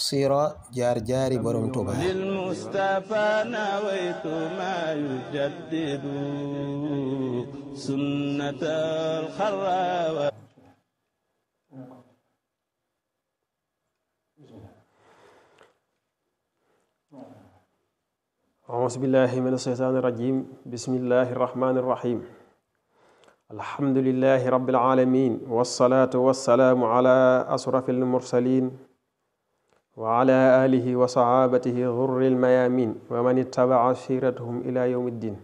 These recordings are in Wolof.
صيرا جار جاري برم توبا للمصطفى نويت ما يجدد سنة الخراوة أعوذ بالله من الشيطان الرجيم بسم الله الرحمن الرحيم الحمد لله رب العالمين والصلاة والسلام على أشرف المرسلين وعلى آله وصحابته غر الميامين ومن اتبع سيرتهم إلى يوم الدين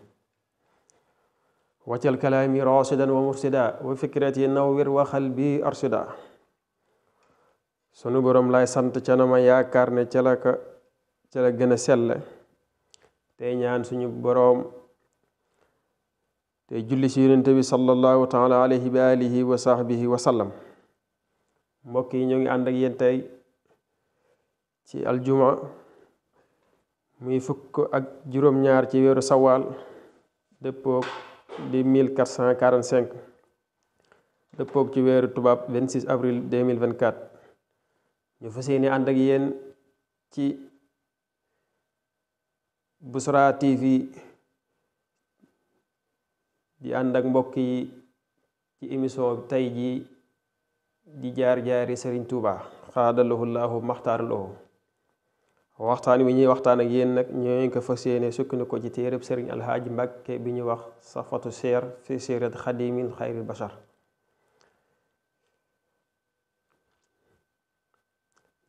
وجل كلامي راصدا ومرشدا وفكرتي نور وقلبي أرشدا sunu borom lay sant ca na ma yaakaar ne ca la ka ca la gën a sell tey ñaan suñu boroom tey julli si yonente bi sallallahu taala alayhi wa alihi wa sahbihi wa sallam mbokk yi ñoo ngi ànd ak yéen tey ci aljuma muy fukk ak juróom-ñaar ci weeru sawal dëppoog di 1445 depok ci weeru tubaab 26 avril 2024 ñu fas yéene ànd ak yéen ci busra TV di ànd ak mbokk yi ci émission bi tey jii di jaar jaari Serigne Touba xaadalahu llahu lo waxtaan wi ñuy waxtaan ak yéen nag ñooñu ko fas yéene sukkandiku ci téereb sëriñ alxaaji mbàkke bi ñu wax safatu seer fi sirat xadimin xayril bashar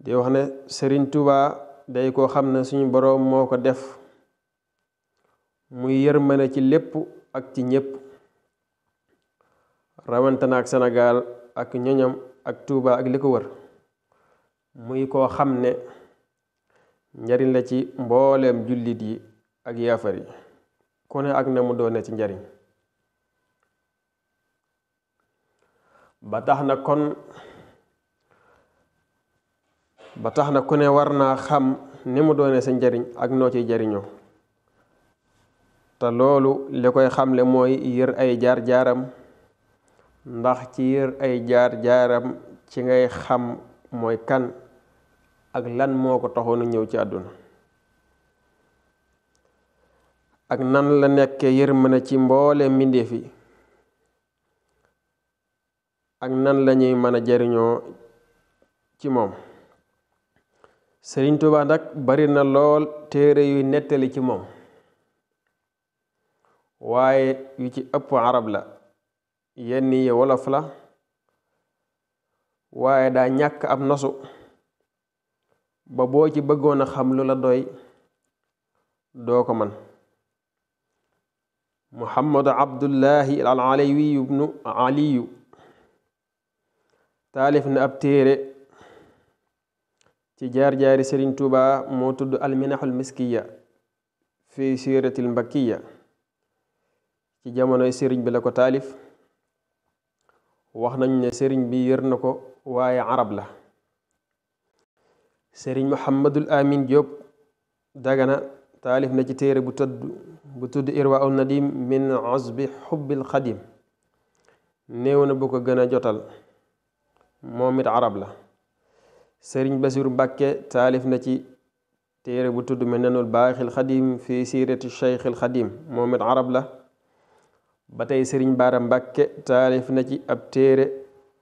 di wax ne sëriñ tubaa day koo xam ne suñu boroom moo ko def muy yërmande ci lépp ak ci ñépp rawante na ak senegal ak ñoñam ak Touba ak li ko wër muy koo xam ne njariñ la ci mbooleem jullit yi ak yaafar yi ku ne ak na mu doone ci njariñ ba tax na kon ba tax na ku ne war naa xam ni mu doone sa njariñ ak noo ciy jariñoo te loolu li koy xamle mooy yër ay jaar-jaaram ndax ci yër ay jaar-jaaram ci ngay xam mooy kan ak lan moo ko taxoon a ñëw ci àdduna ak nan la nekkee yërmande ci mboole mbindeef yi ak nan lañuy mën a jariñoo ci moom Sëriñ Tuubaa nag bari na lool téere yuy nettali ci moom waaye yu ci ëpp arab la yenn yi wolof la waaye daa ñàkk ab nosu ba boo ci bëggoon a xam lu la doy doo ko man muhammadu abdullahi al alawiyu bnu aliyu taalif na ab téere ci jaar-jaari sëriñ tuuba moo tudd alminaxul miskiya fi siratil mbakkiya ci jamonoy sëriñ bi la ko taalif wax nañu ne sëriñ bi yër na ko waaye arab la sëriñ Mouhamadul Amin Diop dagana taalif na ci téere bu tudd bu tudd irwa un nadim min azbi xubbil xadim néew na bu ko gën a jotal moom it arab la sëriñ Basiru Mbàkke taalif na ci téere bu tudd minanul baaxil xadim fi siirati cheikhil xadim moom it arab la ba tey sëriñ Baara Mbàkke taalif na ci ab téere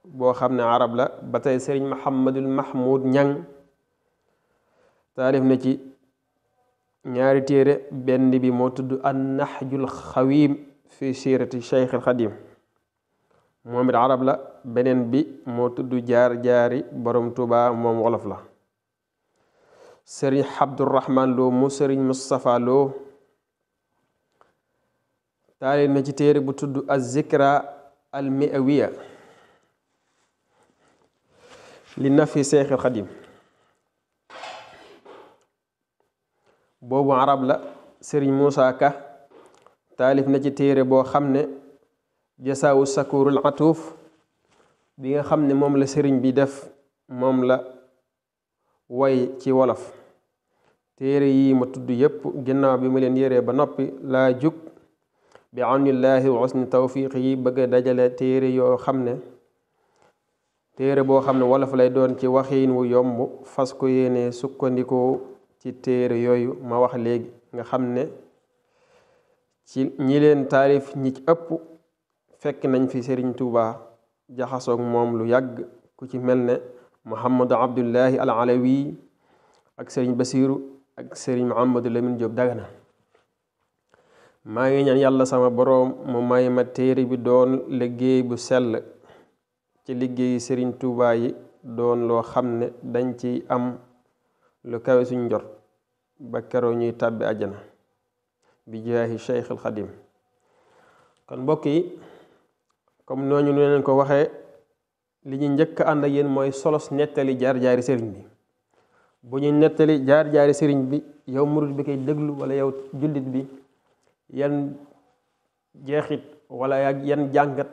boo xam ne arab la ba tey sëriñ Mouhamadul Mahmoud Ñang تعرف نجي نياري تيري بن بي موتد النحج الخويم في سيرة الشيخ القديم محمد عرب لا بنن بي موتد جار جاري بروم توبا موم ولف لا سيري عبد الرحمن لو مو سيري مصطفى لو تعرف نجي تيري بوتد الذكرى المئويه لنفي شيخ القديم boobu arab la sëriñ Moussa Ka taalif na ci téere boo xam ne jasaawu sakurul atuuf bi nga xam ne moom la sëriñ bi def moom la way ci wolof téere yi ma tudd yépp ginnaaw bi ma leen yéree ba noppi laa jug bi awnillaahi wa husni tawfiq yi bëgga dajale téere yoo xam ne téere boo xam ne wolof lay doon ci waxiin wu yomb fas ko yéene sukkandikoo ci téere yooyu ma wax léegi nga xam ne ci ñi leen taarif ñi ëpp fekk nañ fi sëriñ Touba jaxasoog moom lu yàgg ku ci mel ne Mouhamadou Abdullahi al Alawi ak Serigne Basiru ak sëriñ Mouhamadou Lamine Diop Dagana maa ngi ñaan yàlla sama boroom mu may ma téere bi doon liggéey bu sell ci liggéey sëriñ Touba yi doon loo xam ne dañ ci am lu kawe suñ njort ba keroo ñuy tàbbi àjjana bi jaahi cheikh al kon mbokk yi comme nooñu ne leen ko waxee li ñu njëkk ànd ak yéen mooy solos nettali jaar-jaari sëriñ bi bu ñu nettali jaar-jaari sëriñ bi yow murid bi koy déglu wala yow jullit bi yan jeexit wala yan jàngat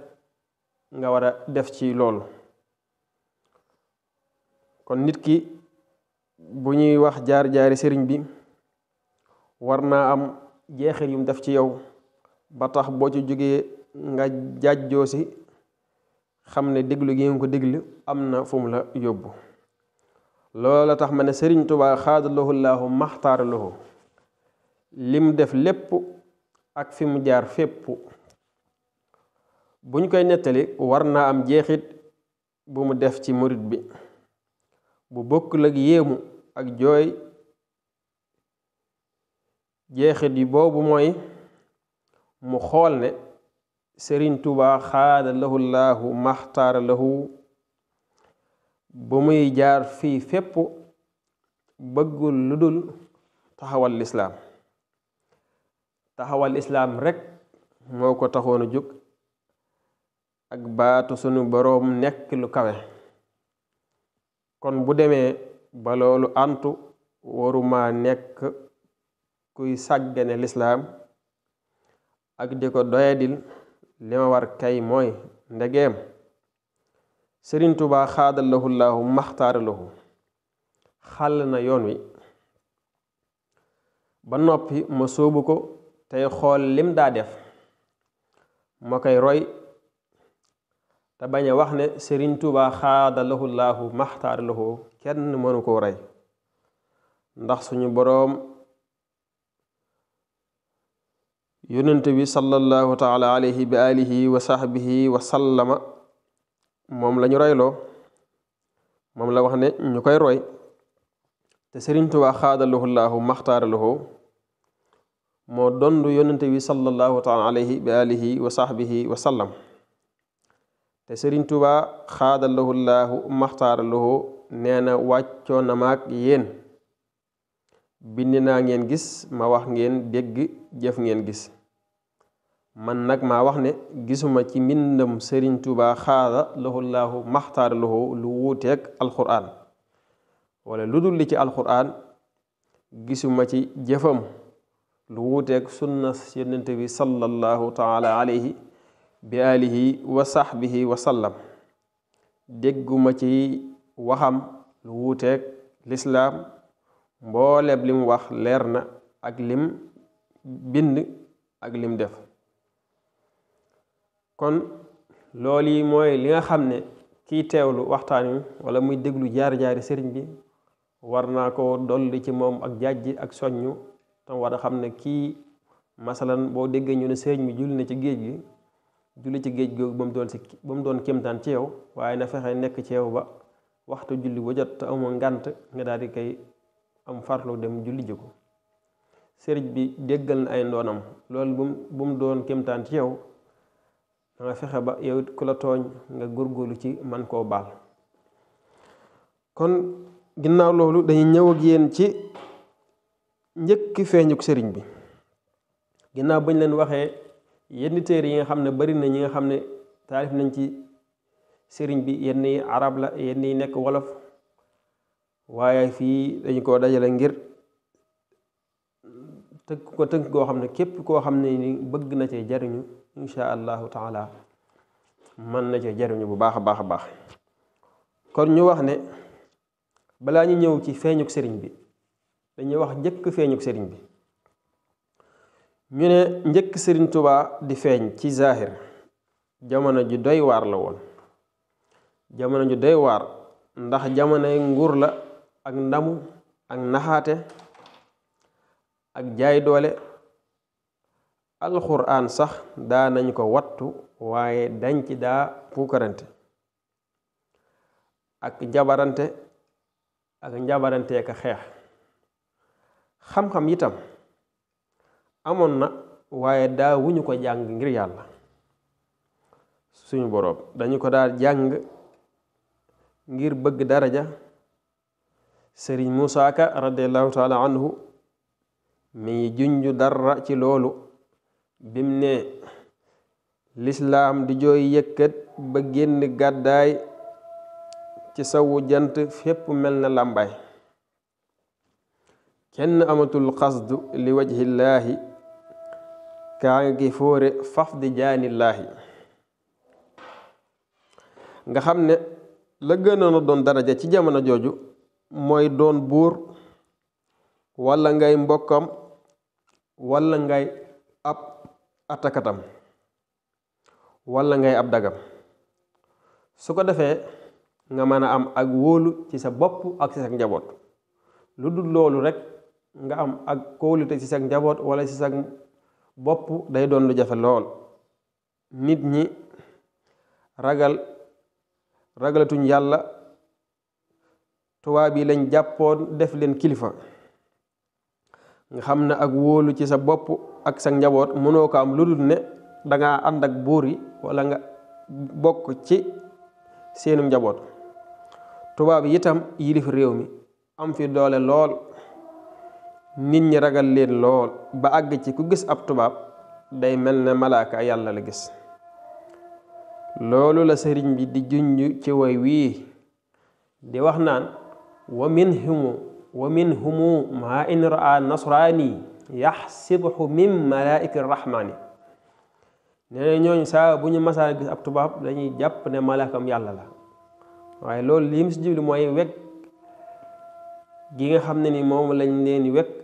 nga war a def ci loolu kon nit ki bu ñuy wax jaar-jaari sëriñ bi war naa am jeexir yum def ci yow ba tax boo ci jógee nga jaajjoo si xam ne déglu gi nga ko déglu am na fu mu la yóbbu loola tax ma ne sëriñ Tuubaa xaadalahu llaahu maxtaara lahu lim def lépp ak fi mu jaar fépp bu ñu koy nettali war naa am jeexit bu mu def ci murit bi bu bokk lak yéemu ak jooy jeexit yi boobu mooy mu xool ne Sëriñ Tuubaa xaada lahu laahu maxtaara lahu ba muy jaar fii fépp bëggul lu dul taxawal lislaam taxawal islaam rekk moo ko taxoon a jóg ak baatu sunu boroom nekk lu kawe kon bu demee ba loolu antu waruma nekk kuy sàggane lislaam ak di ko doyadil li ma war kay mooy ndegeem sëriñ tubaa xaadalahu laahu maxtaaralahu xàll na yoon wi ba noppi ma sóobu ko tey xool lim daa def ma koy roy te bañ a wax ne Serigne Touba xaada lahu laahu maxtaar lahu kenn mënu koo rey ndax suñu boroom yonent bi sallallahu taala alayhi bi alihi wa sahbihi wa sallama moom lañu royloo moom la wax ne ñu koy roy te Serigne Touba xaada lahu laahu maxtaar lahu moo dondu yonent bi sallallahu taala alayhi bi alihi wa sahbihi wa sallam te sëriñ tuuba xaadallahu laahu maxtaarallahu nee na wàccoo na maag ngeen gis ma wax ngeen dégg jëf ngeen gis man nag ma wax ne gisuma ci mbindam sëriñ tuuba xaadallahu laahu maxtaarallahu lu wuuteeg alxuraan wala lu dul li ci alxuraan gisuma ci jëfam lu wuuteeg sunna yonent bi sallallahu taala alayhi bi alihi wa sahbihi wa sallam degguma ci waxam lu wuuteeg lislaam mbooleb lim wax leer na ak lim bind ak lim def kon loolu mooy li nga xam ne kii teewlu waxtaan wi wala muy déglu jaar-jaari sëriñ bi war naa koo dolli ci moom ak jàjji ak soññu tam war a xam ne kii masalan boo déggee ñu ne sëriñ bi julli na ci géej gi julli ci géej googu ba mu doon si ba mu doon kéemtaan ci yow waaye na fexe nekk ci yow ba waxtu julli bu jot te amoo ngànt nga daal di koy am farlu dem julli ji ko sëriñ bi déggal na ay ndoonam loolu bu mu doon kéemtaan ci yow da fexe ba yow it ku la tooñ nga góorgóorlu ci man koo baal kon ginnaaw loolu dañuy ñëw ak yéen ci njëkk feeñuk sëriñ bi ginnaaw bañ leen waxee yenn téere yi nga xam ne bari na ñi nga xam ne taalif nañ ci sëriñ bi yenn yi arab la yenn yi nekk wolof waaye fii dañu ko dajale ngir tënk ko tënk koo xam ne képp koo xam ne ni bëgg na cee jariñu insha allahu taala mën na cee jariñu bu baax a baax a baax kon ñu wax ne balaa ñu ñëw ci feeñu sëriñ bi dañuy wax njëkk feeñu sëriñ bi ñu ne njëkk sëriñ tuba di feeñ ci zahir jamono ju doy waar la woon jamono ju doy waar ndax jamono ngur la ak ndamu ak naxaate ak jaay doole alquran sax daa nañ ko wattu waaye dañ ci daa puukarante ak njabarante ak njabarante ak xeex xam-xam itam -xam amon na waaye daa wuñu ko jàng ngir yàlla suñu borom dañu ko daal jàng ngir bëgg daraja sëriñ musaaka radiallahu taala anhu mi ngi junj dara ci loolu bim ne lislaam di jooy yëkkat ba génn gàddaay ci sawu jant fépp mel na lambay kenn amatul xasdu li wajhillaahi kaagi foore fafdi jaanillaahi nga xam ne la gënoon a doon daraja ci jamono jooju mooy doon buur walla ngay mbokkam walla ngay ab attakatam walla ngay ab dagam su ko defee nga mën a am ak wóolu ci sa bopp ak ci sa njaboot lu dul loolu rekk nga am ak kóolute ci sa njaboot walla ci sa bopp day doon lu jafe lool nit ñi ragal ragalatuñ yàlla tubaab yi lañ jàppoon def leen kilifa nga xam ne ak wóolu ci sa bopp ak sa njaboot mënoo ko am ludul ne dangaa ànd ak buur yi wala nga bokk ci seenum njaboot tubaab yitam yilif réew mi am fi doole lool nit ñi ragal leen lool ba àgg ci ku gis ab tubaab day mel ne malaaka yàlla la gis loolu la sëriñ bi di junj ci way wii di wax naan wa min humu wa min humu maa in raa nasraani yaxsibhu min malaaiki rahmaani nee na ñooñu saa bu ñu masaa gis ab tubaab dañuy jàpp ne malaakam yàlla la waaye loolu li mu si jubli mooy wekk gi nga xam ne ni moom lañ leen wekk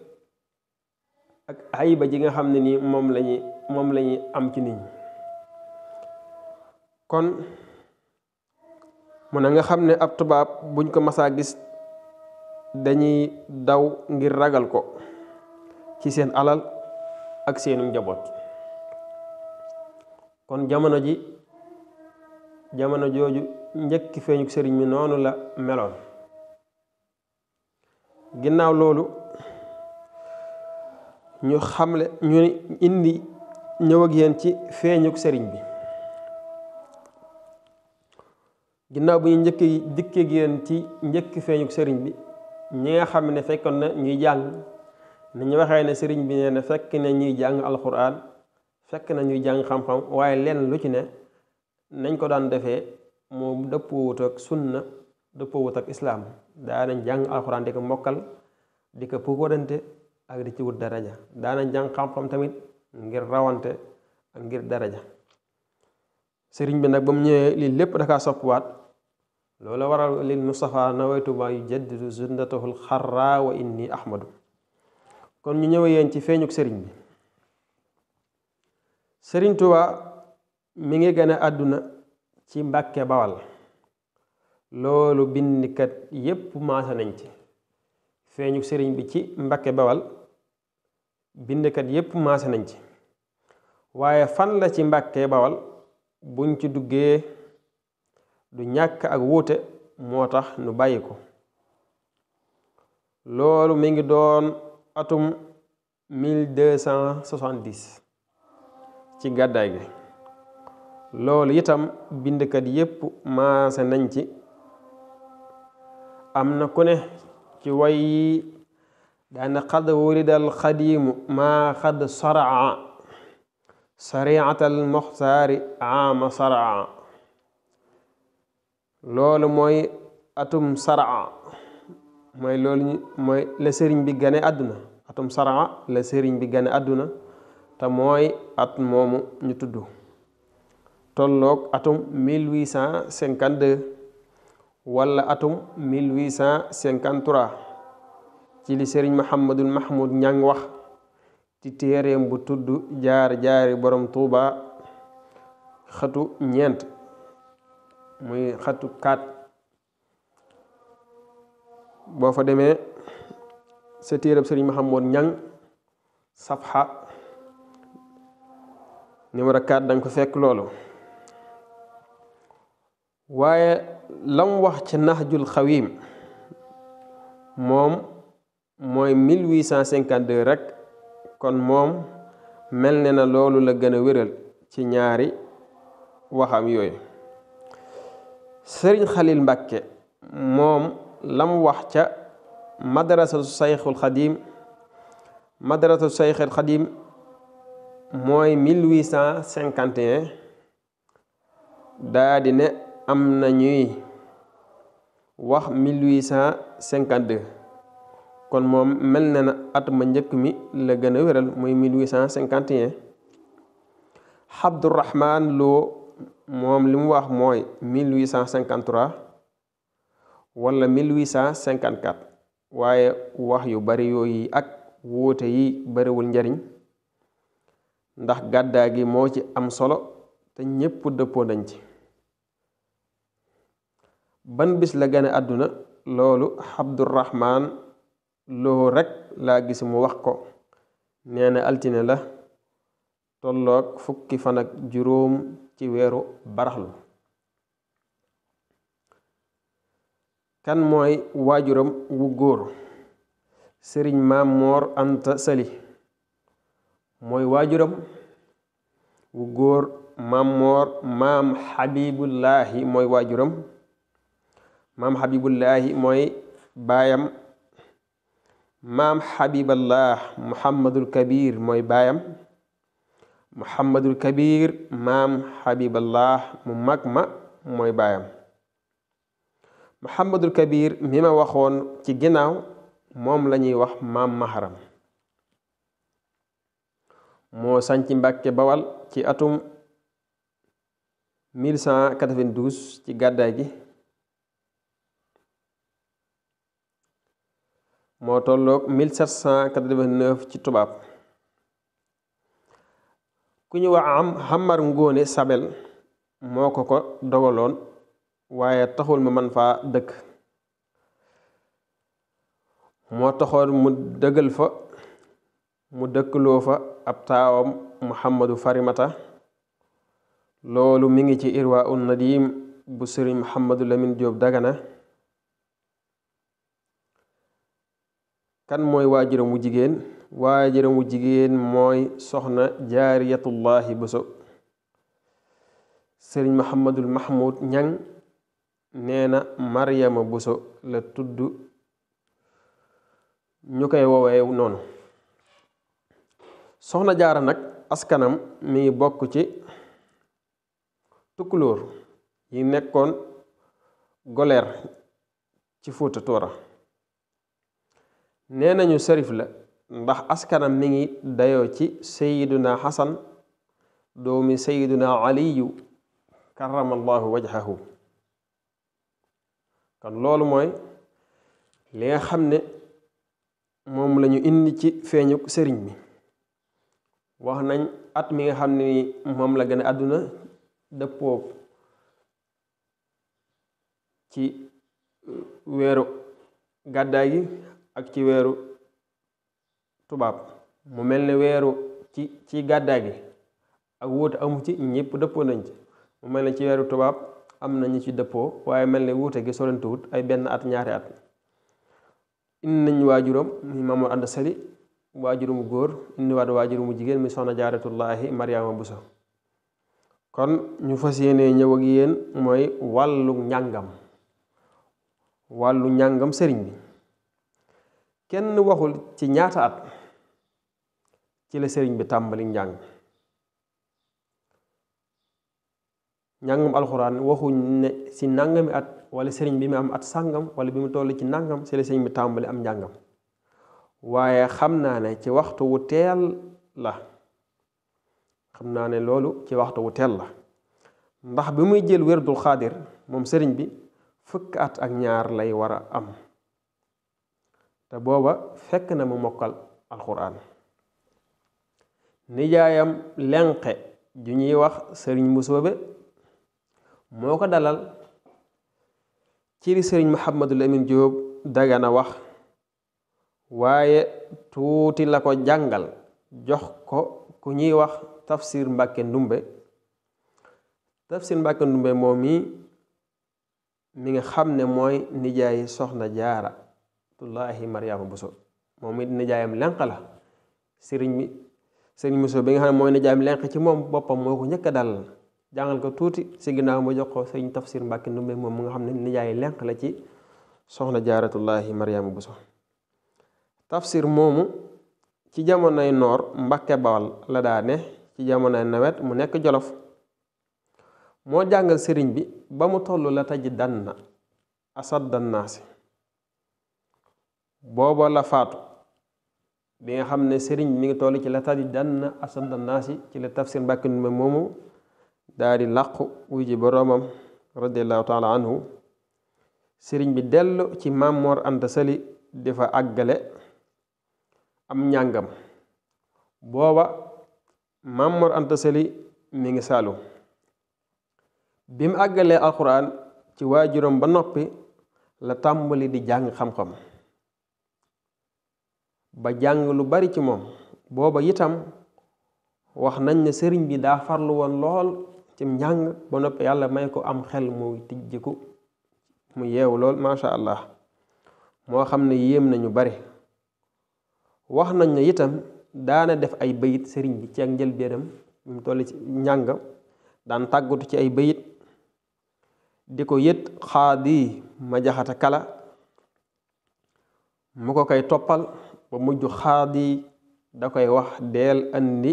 ak hayba ji nga xam ni mom lañu mom am ci nit kon mo na nga xamne ab tubab buñ ko massa gis dañuy daw ngir ragal ko ci seen alal ak seenu njabot kon jamono ji jamono jooju njëkki feñu serigne mi nonu la melon. ginnaw lolu ñu xamle ñu indi ñëw ak yéen ci feeñuk sëriñ bi ginnaaw bi ñu njëkk dikkee ak yéen ci njëkk feeñuk sëriñ bi ñi nga xam ne fekkoon na ñuy jàng ni ñu waxee ne sëriñ bi nee na fekk na ñuy jàng alxuraan fekk na ñuy jàng xam-xam waaye lenn lu ci ne nañ ko daan defee moom dëppoo wut ak sunna dëppoo wut ak islaam daa nañ jàng alxuraan di ko mokkal di ko puukarante ak di ci wut daraja na jàng xam-xam tamit ngir rawante ak ngir daraja sëriñ bi nag ba mu ñëwee lii lépp dakaa soppiwaat loolu waral lil Mustafa nawaytu ma yu jaddidu zundatahu xarra wa inni ahmadu kon ñu ñëwee yéen ci feeñuk sëriñ bi sëriñ tuba mi ngi gane àdduna ci Mbàkke Bawal loolu bindkat yépp maase nañ ci feeñu sëriñ bi ci Mbakke Bawal bindkat yépp maase nañ ci waaye fan la ci Mbakke Bawal buñ ci duggee du ñàkk ak wuute moo tax nu bàyyi ko loolu mi ngi doon atum 1270 ci gàddaay gi loolu itam bindkat yépp maase nañ ci am na ku ne كوي لأن قد ولد القديم ما قد صرع سريعة المختار عام صرع لول موي أتم صرع موي لول موي لسيرين بيغانا أدنى أتم صرع لسيرين بيغانا أدنى تموي أت نتدو تولوك أتم 1852 wala atum 1853 ci li serigne Mouhamadul Mahmoud Ñang wax ci terem bu tuddu jaar-jaari borom touba xatu ñent muy xatu kaat bo fa deme ce terem serigne mohammed Ñang safha numéro 4 dang ko fekk lolu waye lam wax ca jul xawim moom mooy 1852 rek kon moom mel ne na loolu la gën a wéral ci ñaari waxam yooyu sëriñ xalil mbàkke moom lam wax ca madrasatu sayxul xadim madrasatu sayxul xadim mooy 1851 daa ne am na ñuy wax 1852 kon moom mel na na at ma njëkk mi la gën a wéral muy 1851 Abdourahman Lo moom li mu wax mooy 1853 wala 1854 waaye wax yu bari yooyu ak wóote yi bariwul njariñ ndax gàddaa gi moo ci am solo te ñépp dëppoo nañ ci ban bis la gane àdduna loolu Abdurahman loo rekk laa gis mu wax ko nee altine la tolloog fukki fan ak juróom ci weeru baraxlu kan mooy waajuram wu góor sëriñ maam moor anta sali mooy waajuram wu góor maam moor maam xabibullaahi mooy waajuram maam xabibullaahi mooy baayam maam xabiballah muhammadul kabir mooy baayam muhammadul kabir maam xabiballah mu mag ma mooy baayam muhammadul kabir mi ma waxoon ci ginnaaw moom lañuy wax maam maharam moo sanc mbàkke bawal ci atum 1192 ci gàddaay gi moo tolloog 1789 ci tubaab ku ñu wax am xamar ngóone sabel moo ko ko dogaloon waaye taxul ma man faa dëkk moo taxoon mu dëggal fa mu dëkkloo fa ab taawam mu muhammadu farimata loolu mu ngi ci irwa un nadim bu sëriñ xamadu lamin jóob dagana kan mooy waajuramu jigéen waajuramu jigéen mooy soxna jaariyatullahi Buso sëriñ Muhammadul Mahmud ñang nee na Maryama Buso la tudd ñu koy woowee noonu soxna jaara nag askanam mi ngi bokk ci tukkulóor yi nekkoon goleer ci Fuuta Toora nee nañu sërif la ndax askanam mi ngi dayoo ci sayiduna xasan doomi sayiduna aliyu karamallahu wajhahu kon loolu mooy li nga xam ne moom lañu indi ci feeñu sëriñ bi wax nañ at mi nga xam ne moom la gën a àdduna dëppoo ci weeru gàddaay gi ak ci weeru tubaab mu mel ni weeru ci ci gàddaa gi ak wuute amu ci ñëpp dëppoo nañ ci mu mel ni ci weeru tubaab am na ñu ci dëppoo waaye mel ni wuute gi solantuwut ay benn at ñaari at indi nañ waajuram muy Mamoor Anta Sali waajuramu góor indiwaat waajuramu jigéen mi soxna jaaratullaahi bu Buso kon ñu fas yéenee ñëw ak yéen mooy wàllu njàngam wàllu njàngam sëriñ bi kenn waxul ci ñaata at ci la sëriñ bi tàmbali njàng njàngum alxuraan waxuñ ne si nàngami at wala sëriñ bi mu am at sàngam wala bi mu toll ci nàngam si la sëriñ bi tàmbali am njàngam waaye xam naa ne ci waxtu wu teel la xam naa ne loolu ci waxtu wu teel la ndax bi muy jël wérdul xaadir moom sëriñ bi fëkk at ak ñaar lay war a am te booba fekk na mu mokkal alxuraan nijaayam lenqe ju ñuy wax sëriñ mbusoobe moo ko dalal ciri sëriñ muhammadul amin jóob dagana wax waaye tuuti la ko jàngal jox ko ku ñuy wax tafsir mbàkke ndumbe tafsir mbàkke ndumbe moom mi mi nga xam ne mooy nijaay soxna jaara tullaahi Mariama Bousso moom it nijaayam lenq la sëriñ bi sëriñ Bousso bi nga xam ne mooy nijaayam lenq ci moom boppam moo njëkk a dalal jàngal ko tuuti si ma jox ko sëriñ Tafsir Mbàkke Ndumbe moom mu nga xam ne nijaay lenq la ci soxna jaaratullaahi Mariama Bousso Tafsir moomu ci jamonoy noor Mbàkke Bawal la daa ci jamonoy nawet mu nekk Jolof moo jàngal sëriñ bi ba mu toll la taj danna asad dannaasi booba la faatu bi nga xam ne sëriñ mi ngi toll ci la tadi dann asada naasi ci la tafsir mbàkki ndumbe moomu daal di làqu wuy ji boroomam radiallahu taala anhu sëriñ bi dellu ci maam Mor Anta Sali di fa àggale am njàngam booba maam Mor Anta mi ngi saalu bi mu àggalee alxuraan ci waajuram ba noppi la tàmbali di jàng xam-xam ba jàng lu bari ci moom booba itam wax nañ ne sëriñ bi daa farlu woon lool ci njàng ba noppi yàlla may ko am xel mu tijjiku mu yeewu lool macha allah moo xam ne yéem nañu bari wax nañ ne itam daana def ay bayit sëriñ bi ci ak njëlbéenam mu tolli ci njàng daan tàggatu ci ay bayit di ko yët xaadi kala mu ko topal ba mujj xaadi da koy wax deel andi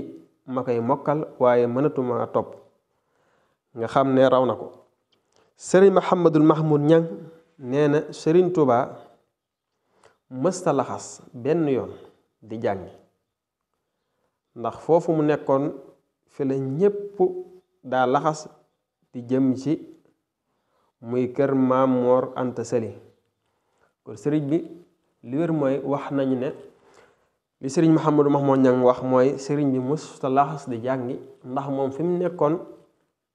ma koy mokkal waaye mënatuma topp nga xam ne raw na ko sëriñ Mahamadul Mahmoud Ñang nee na sëriñ Tuubaa mësta laxas benn yoon di jàngi ndax foofu mu nekkoon fi la ñépp daa laxas di jëm ci muy kër Maam Moor Anta Sali kon sëriñ bi li wér mooy wax nañu ne li sëriñ Mouhamadou Mahmoud Niang wax mooy sëriñ bi mos laxas di jàngi ndax moom fi mu nekkoon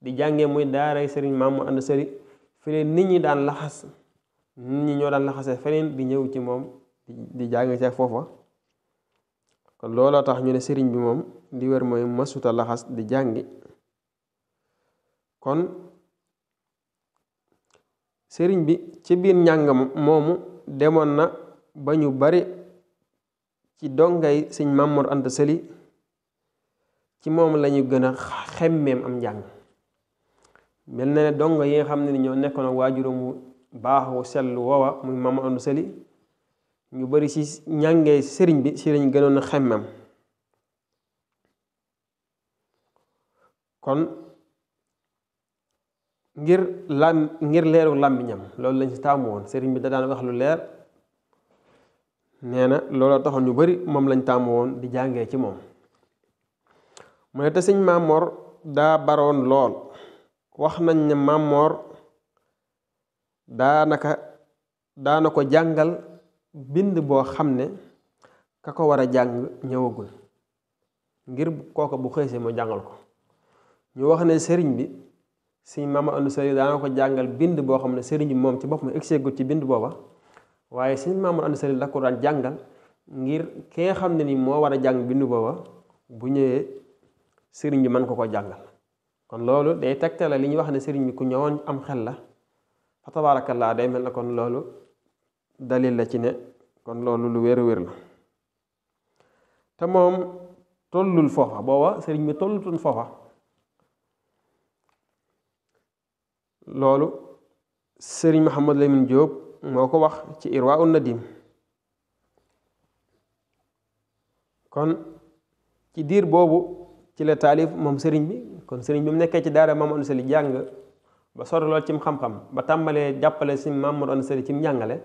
di jàngee muy daaray sëriñ maam mu ànd sëriñ fi nit ñi daan laxas nit ñi ñoo daan laxasee feneen di ñëw ci moom di jàng ci foofa kon looloo tax ñu ne sëriñ bi moom li wér mooy masuta laxas di jàngi kon sëriñ bi ci biir njàng moomu demoon na ba ñu bari ci dongay sëñ Mamoor Anta Sali ci moom lañu gën a xemmeem am njàng mel na ne dongo yi nga xam ne ñoo nekkoon ak waajuram mu baaxu sell woowa muy Mamoor Anta Sali ñu bari ci njàngee sëriñ bi ci lañu gënoon a kon ngir lam ngir leeru làmmiñam loolu lañ ci taamu woon sëriñ bi da daan wax lu leer nee na looloo taxoon ñu bari moom lañu tàmm woon di jàngee ci moom mu ne te sëñ Mamor daa baroon lool wax nañ ne Mamor daanaka daana ko jàngal bind boo xam ne ka ko war a jàng ñëwagul ngir kooka bu xëysee mu jàngal ko ñu wax ne sëriñ bi sëñ Mamor Anta Sali daana ko jàngal bind boo xam ne sëriñ bi moom ci boppam egseegul ci bind booba waaye sëñ Mamour Anta Sali la ko daan jàngal ngir ki nga xam ne ni moo war a jàng bindu booba bu ñëwee sëriñ bi mën ko ko jàngal kon loolu day tegtale li ñuy wax ne sëriñ bi ku ñëwoon am xel la fa tabaarakallaa day mel na kon loolu dalil la ci ne kon loolu lu wér wér la te moom tollul foofa booba sëriñ bi tollutoon foofa loolu sëriñ Mouhamadou Lamine Diop moo ko wax ci irwa na dim kon ci diir boobu ci la taalif moom sëriñ bi kon sëriñ bi mu nekkee ci daara Maam Mor Anta jàng ba sori lool cim xam-xam ba tàmbalee jàppale si Maam doon Anta ci mu njàngale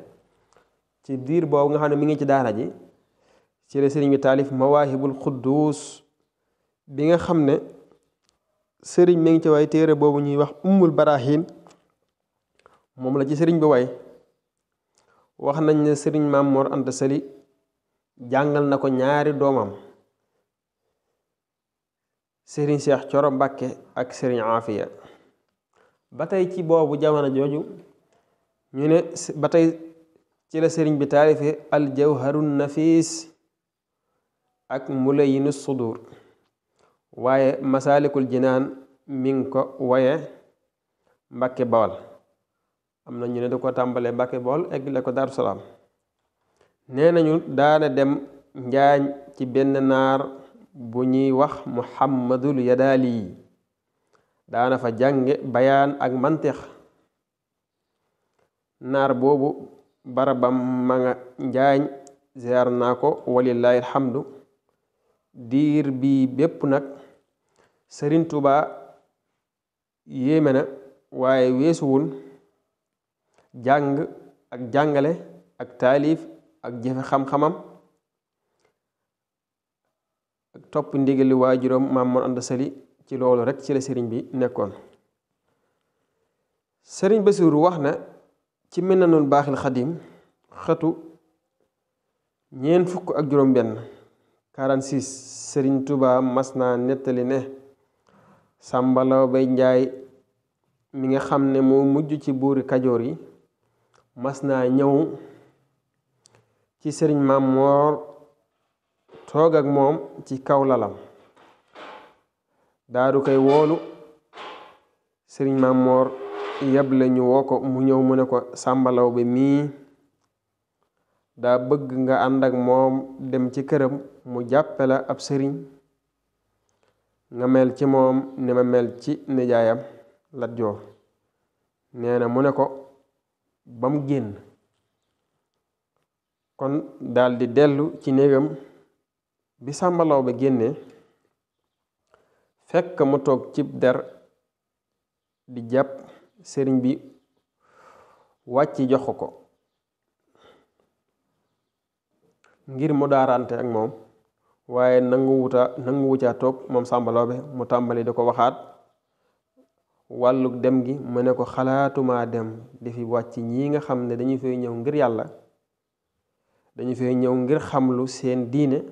ci diir boobu nga xam ne mi ngi ci daara ji ci sëriñ bi taalif Mawaahibul Quddus bi nga xam ne sëriñ mi ngi ci way téere boobu ñuy wax Ummul Baraahin moom la ci sëriñ bi way wax nañ ne sëriñ maam Mor Anta Sali jàngal na ko ñaari doomam sëriñ Cheikh Coro mbakke ak sëriñ Afiya ba tey ci boobu jamono jooju ñu ne ba tey ci la sëriñ bi taalife al jawharun nafiis ak mulayinu sudur waaye masaalikul jinaan ming ko woye Mbàkke Bawal am na ñu ne da ko tàmbalee Mbàkke Bool eggale ko Daaru Salaam nee nañu daana dem njaañ ci benn naar bu ñuy wax Muhammadul Yadaali daana fa jànge bayaan ak manteex naar boobu barabam ma nga njaañ ziar naa ko walillaahi alhamdu diir bi bépp nag Sëriñ Tuubaa yéeme na waaye weesuwul jàng ak jàngale ak taalif ak jëfe xam-xamam ak topp ndigali waajuram maam Mor Anta Sali ci loolu rek ci la sëriñ bi nekkoon sëriñ ba Basiru wax na ci Minanul Baaxil Xadim xëtu ñeent fukk ak juróom benn 46 sëriñ Tuubaa mas naa nettali ne Sàmba bay Njaay mi nga xam ne moo mujj ci buuri Kajoor yi mas naa ñëw ci sëriñ maam moor toog ak moom ci kaw lalam daadu koy woolu sëriñ maam moor yeb la ñu woo ko mu ñëw mu ne ko sàmbalaw bi mii daa bëgg nga ànd ak moom dem ci këram mu jàppe la ab sëriñ nga mel ci moom ni ma mel ci nijaayam lajjoo nee na mu ne ko ba mu génn kon daldi dellu ci néegam bi sàmbalaw ba génnee fekk mu toog cib der di jàpp sëriñ bi wàcc jox ko ngir mu daarante ak moom waaye nangu wuta nangu wucaa toog moom sàmbalaw bi mu tàmbali di ko waxaat waluk dem gi mané ko xalaatuma dem di fi wàcc nga xamné dañuy fay ñew ngir yalla dañuy fay ñew ngir xamlu seen diiné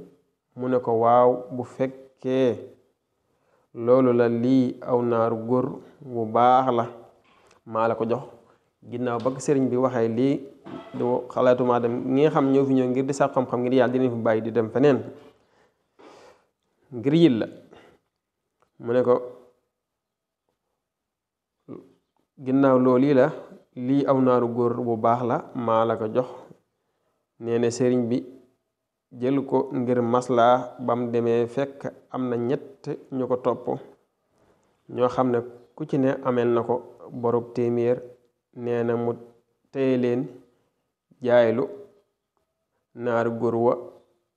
mu ne ko waaw bu fekkee loolu la lii aw naaru gor bu baax la maa la ko jox ginnaaw ba sëriñ bi waxee lii du xalaatuma dem ngi xam ñëw fi ñëw ngir di sàq xam-xam ngir yàlla dinañ fi bàyyi di dem feneen ngir yil la mu ne ko ginnaaw looli la lii aw naaru gór bu baax la maa la ko jox nee ne sëriñ bi jël ko ngir maslaa bam demee fekk am na ñett ñu ko topp ñoo xam ne ku ci ne amel na ko borob téeméer nee na mu téye leen jaaylu naaru gór wa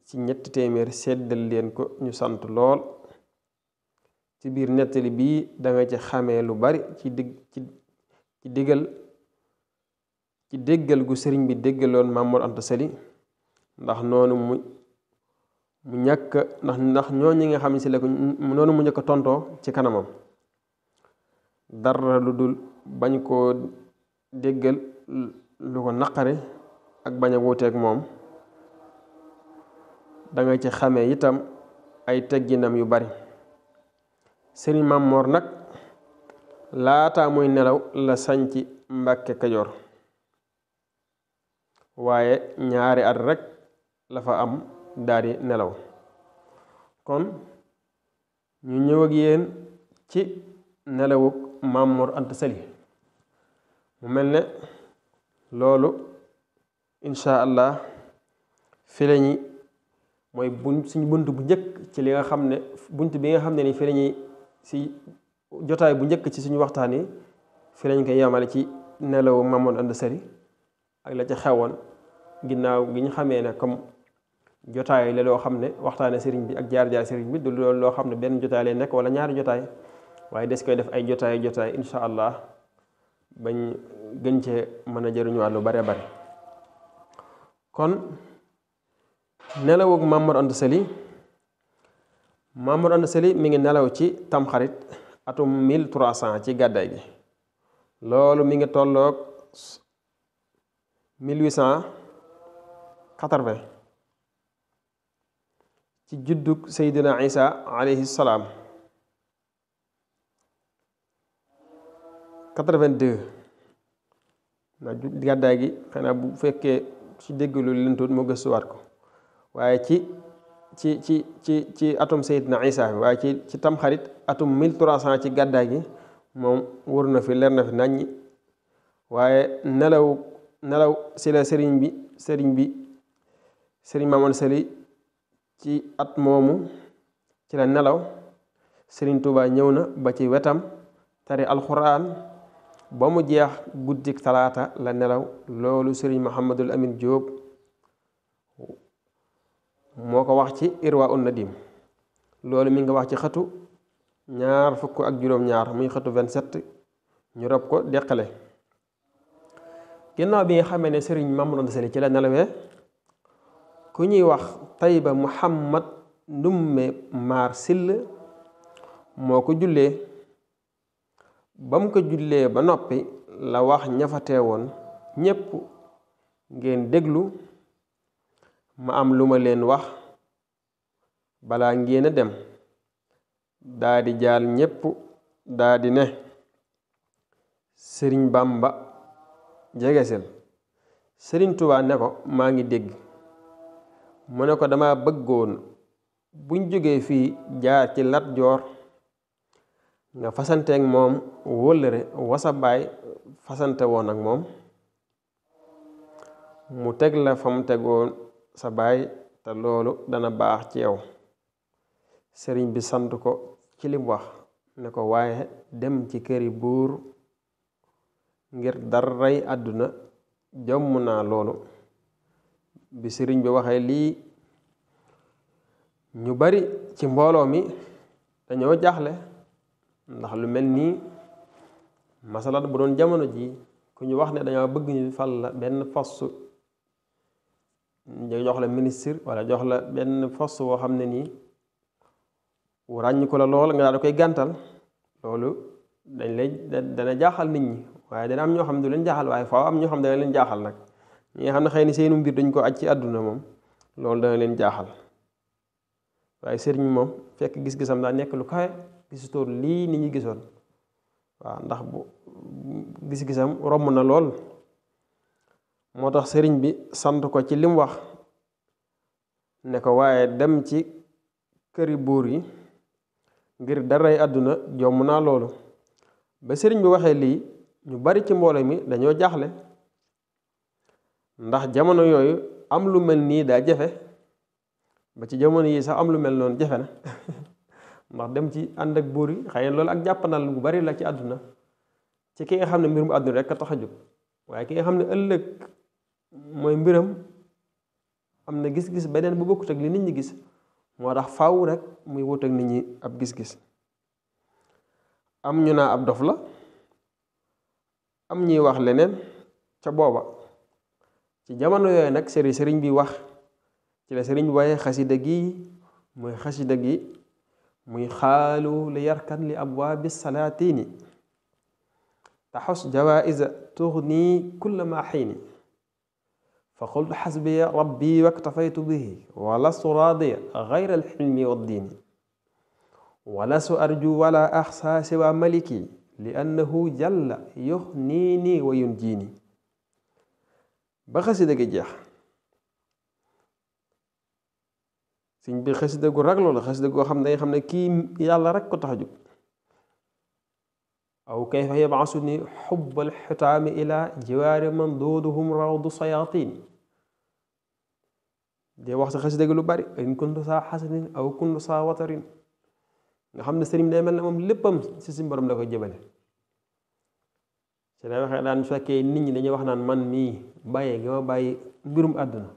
ci ñett téeméer seddal leen ko ñu sant lool ci biir nettali bii danga ci xamee lu bari ci dig ci ci déggal ci déggal gu sëriñ bi déggaloon Mamour Anta Sali ndax noonu mu mu ñàkk ndax ndax ñooñu nga xam ne si la ko noonu mu ñàkk tontoo ci kanamam dara lu dul bañ koo déggal lu ko naqare ak bañ a wuuteeg moom da ci xamee itam ay tegginam yu bari sëriñ Mamoor nag laata muy e nelaw la sanci mbakke kajor waaye ñaari at rek la fa am daadi nelaw kon ñu ñëw ak yéen ci nelawuk mamour ant sali mu mel ne loolu insha allah fi la ñi mooy bu suñu bunt bu njëkk ci li nga xam ne bunt bi nga xam ne ni fi la ñi si jotaay bu njëkk ci suñu waxtaan yi fi lañ ko yemale ci nelawu Mamoune Anta Sali ak la ca xewoon ginnaaw gi ñu xamee ne comme jotaay la loo xam ne waxtaane sëriñ bi ak jaar-jaar sëriñ bi du loolu loo xam ne benn jotaay lay nekk wala ñaari jotaay waaye des koy def ay jotaay jotaay incha allah bañ gën cee mën a jëriñuwaat lu bare bare kon nelawug Mamoune Anta Sali Mamoune Anta Sali mi ngi nelaw ci tamxarit atum 1300 ci gaday gi lolou mi ngi tolok 1880 ci judduk sayyidina Isa alayhi Salam 82 na gaday gi xanaa bu fekke ci déggalu mo geussu wat ko waye ci ci ci ci ci atum Seydina Isa waye ci ci tamxarit atum 1300 ci gàddaay gi moom wër na fi leer na fi nàññi waaye nelaw nelaw si la sëriñ bi sëriñ bi sëriñ Mamoon Sali ci at moomu ci la nelaw sëriñ Tuubaa ñëw na ba ci wetam tari alxuraan ba mu jeex guddik talaata la nelaw loolu sëriñ Muhammadul Amin Jóob moo ko wax ci irwa un nadim loolu mi ngi wax ci xëtu ñaar fukk ak juróom-ñaar muy xëtu 27 ñu rob ko deqale ginnaaw bi nga xamee ne sëriñ Mamour Anta Sali ci la nelawee ku ñuy wax Tayba Muhammad Ndumme Maar Sill moo ko jullee ba mu ko jullee ba noppi la wax ñafatee woon ñépp ngeen déglu ma am lu ma leen wax balaa ngeen a dem daadi jaal ñëpp daadi ne sëriñ bàmba jegesel sëriñ tuba ne ko maa ngi dégg mu ne ko damaa bëggoon buñ jógee fii jaar ci lat joor nga fasanteeg moom wëllëre wasa bàyyi fasante woon ak moom mu teg la fa mu tegoon sa bàyyi te loolu dana baax ci yow sëriñ bi sant ko ci lim wax ne ko waaye dem ci kër yi buur ngir dara rey àdduna jomm naa loolu bi sëriñ bi waxee lii ñu bari ci mbooloo mi dañoo jaaxle ndax lu mel nii masalat bu doon jamono ji ku ñu wax ne dañoo bëgg ñu fal la benn poste ñu jox la ministre walla jox la benn poste woo xam ne nii ràññ ko la lool nga daal koy gàntal loolu dañ lay dana jaaxal nit ñi waaye dana am ñoo xam ne du leen jaaxal waaye faaw am ñoo xam ne dana leen jaaxal nag ñi nga xam ne xëy na seenu mbir dañ ko aj ci àdduna moom loolu dana leen jaaxal waaye sëriñ moom fekk gis-gisam daa nekk lu kawe gisutoon lii nit ñi gisoon waaw ndax bu gis-gisam romb na lool moo tax sëriñ bi sant ko ci lim wax ne ko waaye dem ci këri buur yi ngir daray àdduna jomm naa loolu ba sëriñ bi waxee lii ñu bari ci mboole mi dañoo jaaxle ndax jamono yooyu am lu mel nii daa jafe ba ci jamono yii sax am lu mel noonu jafe na ndax dem ci ànd ak buur yi xëy na loolu ak jàppanal bu bari la ci àdduna ci ki nga xam ne mbir mu àdduna rek a tax a jóg waaye ki nga xam ne ëllëg mooy mbiram am na gis-gis beneen bu bokkut ak li nit ñi gis moo tax faaw rek muy wuteeg nit ñi ab gis-gis am ñu naa ab dof la am ñuy wax leneen ca booba ci jamono yooyu nag sëriñ sëriñ bi wax ci la sëriñ bi waaye xasida gi muy xasida gi muy xaalu li yarkan li abwaabi salaatini taxos jawaaisa tuxni kulla ma xiini فقلت حسبي ربي واكتفيت به ولست راضيا غير الحلم والدين ولست أرجو ولا أحصى سوى ملكي لأنه جل يهنيني وينجيني بخسي دقي جيح سين بخسي bi xasida gu raglo la xasida goo xam ne nga aw kayfa yabaasu ni xubbal xutaami ila jiwaari man dooduhum rawdu sayaatin de wax si xasida gi lu bari in kuntu saa xasanin aw kuntu saa watarin nga xam ne sëriñ day mel na moom léppam si si borom la koy jëmale si lay waxee daan fekkee nit ñi dañuy wax naan man mii bàyyee gi ma bàyyi mbirum àdduna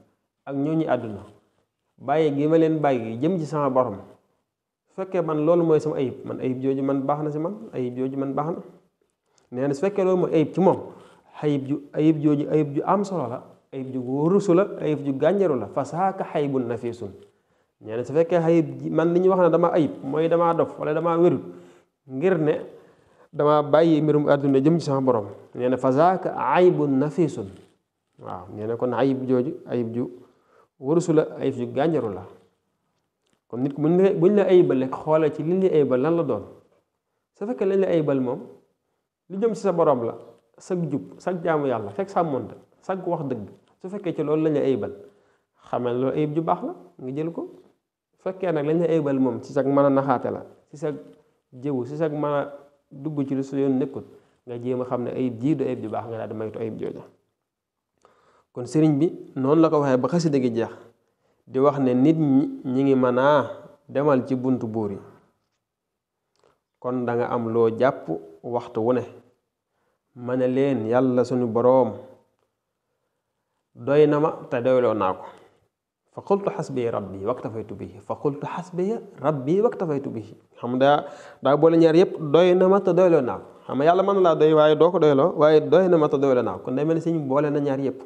ak ñooñu àdduna bàyyee gi ma leen bàyyi jëm ci sama borom fekke man lolou moy sama ayib man ayib joju man baxna ci si man ayib joju man baxna neena su fekke lolou moy ayib ci mom ayib ju ayib joju ayib ju am solo la ayib ju wóorusu la ayib ju ganjeru la fasaaka haybun nafisun neena su fekke ayib man li ñu wax dama ayib moy dama dof wala dama wérut ngir ne dama bàyyi mirum aduna jëm ci sama borom neena na fasaaka aybun nafisun waaw neena kon ayib joju ayib ju wóorusu la ayib ju ganjeru la kon nit buñ la buñ la ayibal rek xoolee ci liñ la ayibal lan la doon su fekkee lañ la ayibal moom lu jëm ci sa boroom la sag jub sag jaamu yàlla fekk sàmmonte sag wax dëgg su fekkee ci loolu lañ la ayibal xamal loolu ayib ju baax la nga jël ko fekkee nag lañ la ayibal moom ci sag mën a naxaate la ci sag jëwu ci sag mën a dugg ci lu su yoon nekkul nga jéema xam ne ayib jii du ayib ju baax nga daal di maytu ayib jooja kon sëriñ bi noonu la ko waxee ba xasida gi jeex di wax ne nit ñi ngi mën a demal ci buntu buur yi kon danga am loo jàpp waxtu wu ne ma ne leen yàlla suñu boroom doy na ma te doyloo naa ko fa qultu xasbi rabbi waktafaytu bihi fa qultu xasbi rabbi waktafaytu bihi xam daa daa boole ñaar yépp doy na ma te doyloo naa ko xam yàlla mën na laa doy waaye doo ko doyloo waaye doy na ma te doyloo naa ko kon day mel ni ñu boole na ñaar yépp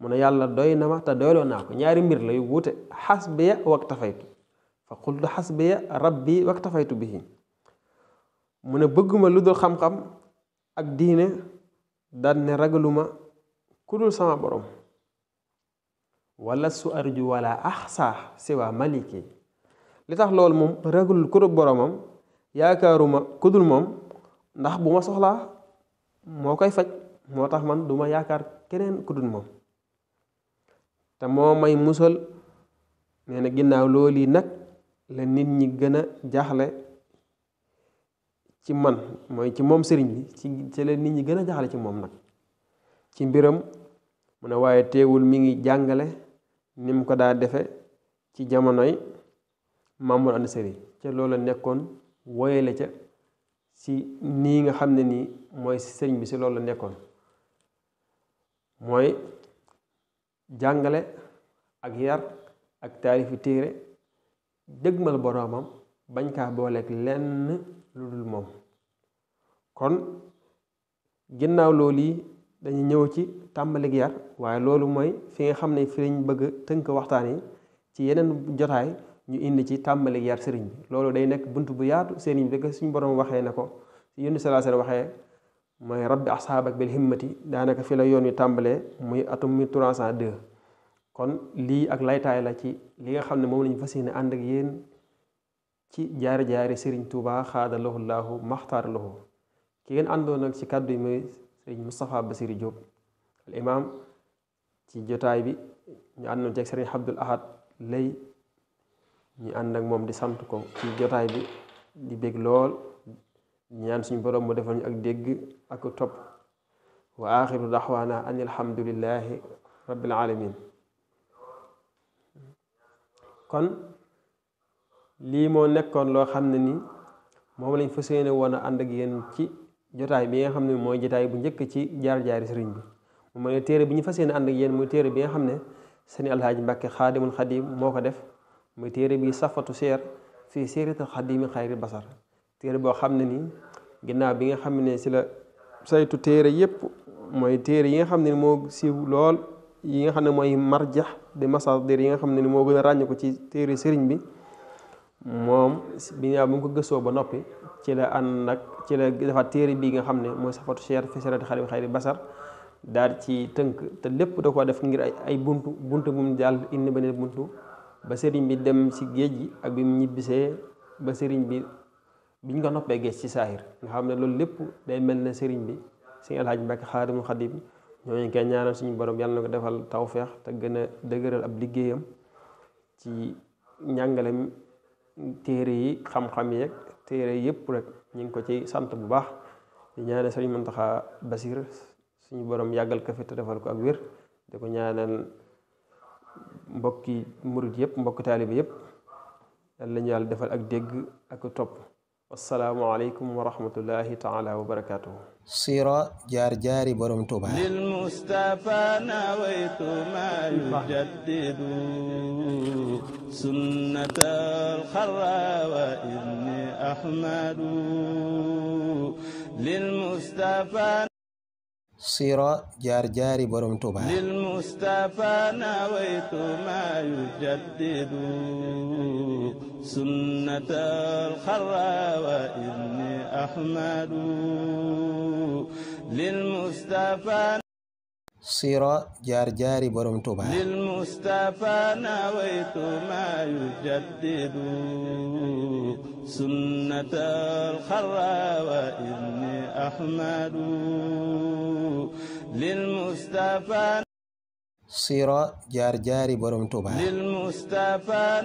mu ne yàlla doy na ma te doyloo naa ko ñaari mbir la yu wuute xasbiya waktafaytu fa qultu xasbiya rabbi waktafaytu bihi mu ne bëgguma lu dul xam-xam ak diine daan ne ragaluma ku dul sama borom wala su arju wala axsa siwa maliki li tax loolu moom ragalul ku boromam yaakaaruma ku moom ndax bu ma soxlaa moo koy faj moo tax man duma yaakaar keneen ku moom te moo may musal nee na ginnaaw loolu yi nag la nit ñi gën a jaaxle ci man mooy ci moom sëriñ bi ci la nit ñi gën a jaaxle ci moom nag ci mbiram mu ne waaye teewul mi ngi jàngale ni mu ko daa defe ci jamonoy Mamour Anta Sali ca loola nekkoon woyale ca si nii nga xam ne nii mooy sëriñ bi si loolu la nekkoon mooy jàngale ak yar ak taarifi téere dëgmal boroomam bañ kaa booleeg lenn lu dul moom kon ginnaaw loolu yi dañu ñëw ci tàmbalik yar waaye loolu mooy fi nga xam ne fi lañ bëgg tënk waxtaan yi ci yeneen jotaay ñu indi ci tàmbalik yar sëriñ bi loolu day nekk bunt bu yaatu sëriñ bi rek suñ borom waxee ne ko yónni salaa waxee mooy rabbi asxaabak bil himmati daanaka fi la yoon wi tàmbalee muy atum 1302 kon lii ak laytaay la ci li nga xam ne moom lañu fas yéene ànd ak yéen ci jaari jaari Serigne Touba xaada lahu laahu ki ngeen àndoon ci kàddu yi mooy Serigne Moustapha Bassirou Diop al imaam ci jotaay bi ñu àndoon ci ak Serigne ñu ànd ak moom di sant ko ci jotaay bi di bég lool. ñaan suñu borom mu defal ak dégg ak topp wa axiru daxwaana an alhamdulillahi rabbil alamin kon lii moo nekkoon loo xam ne ni moom lañ fas yéene won a ànd ak yéen ci jotaay bi nga xam ne mooy jotaay bu njëkk ci jaar-jaari sëriñ bi moom mooy téere bi ñu fas yéene ànd ak yéen muy téere bi nga xam ne sëriñ alhaaji mbàkke xaadimul xadim moo ko def muy téere bi safatu seer fii séerati xadimi xayri basar téere boo xam ne nii ginnaaw bi nga xam ne si la saytu téere yépp mooy téere yi nga xam ne ni moo siiw lool yi nga xam ne mooy marjax di masaadir yi nga xam ne ni moo gën a ràññeeku ci téere sëriñ bi moom bi nga bu ko gëstoo ba noppi ci la ànd nag ci la defaat téere bii nga xam ne mooy safatu seer fi serati xarit xayri basar daal ci tënk te lépp da ko def ngir ay buntu buntu bu mu jàll indi beneen buntu ba sëriñ bi dem si géej gi ak bi mu ñibbisee ba sëriñ bi biñ ko noppé gess ci sahir nga xamné loolu lepp day melni sëriñ bi sëriñ mbak mbàkk khadim ñoo ñooñu koy ñaanal suñu borom yalla na defal tawfiq ta gëna dëgeural ab liggéeyam ci njàngalem téré yi xam-xam ak téré yépp rek ñu ngi ko ci sant bu baax di ñaanal sëriñ muntaha Basir suñu borom yagal ka fi ta defal ko ak wër di ko ñaanal mbokki murit yépp mbokki talib yépp yalla ñu yalla defal ak dégg ak top والسلام عليكم ورحمة الله تعالى وبركاته سيرة جار جاري برم توبا للمصطفى نويت ما يجدد سنة الخرى وإذن أحمد للمصطفى صيرا جار جار برم توبا للمصطفى نويت ما يجدد سنة الخرى وإني أحمد للمصطفى سيرة جار جاري برم توبا للمصطفى نويت ما يجدد سنة الخرى وإني أحمد للمصطفى سيرة جار جاري برم توبا للمصطفى